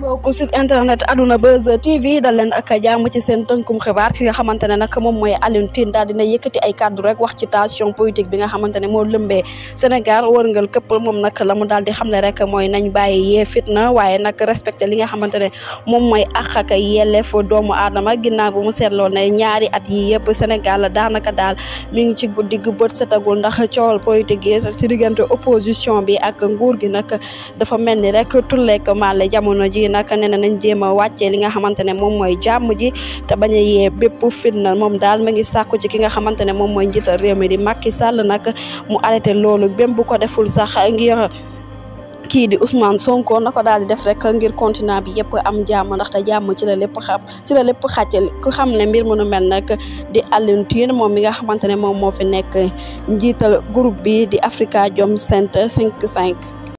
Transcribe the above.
mbokku site internet aduna buzz tv dal leen ak jàmm ci seen tënkum xibaar ki nga xamante ne nag moom mooy Alioune Tine daal dina yëkkati ay kàddu rek wax ci tension politique bi nga xamante ne moo lëmbee Sénégal moom la mu daal di xamle rek mooy nañ bàyyi yee fitna waaye nag respecté li nga xamante ne moom mooy àq ak yelleef doomu aadama ginnaaw bu mu seetloo ne ñaari at yi yëpp Sénégal daanaka daal mi ngi ci guddi gu bët setagul ndax coowal politique yi ci diggante opposition bi ak nguur gi nag dafa mel ni rek tulleek màlle jamono ji yi nag nee na nañ jéem a wàccee li nga xamante ne moom mooy jàmm ji te bañ a yee bépp fitna moom daal ma ngi sàkku ci ki nga xamante ne moom mooy njiital réew mi di Macky sàll nag mu arrêté loolu bém bu ko deful sax ngi kii di Ousmane Sonko naka daal di def rek ngir continent bi yëpp am jàmm ndaxte jàmm ci la lépp xam ci la lépp xàcc ku xam ne mbir mënu mel nag di Alioune Tine moom mi nga xamante ne moom moo fi nekk njiital groupe bi di jom Afrikajom cinq 55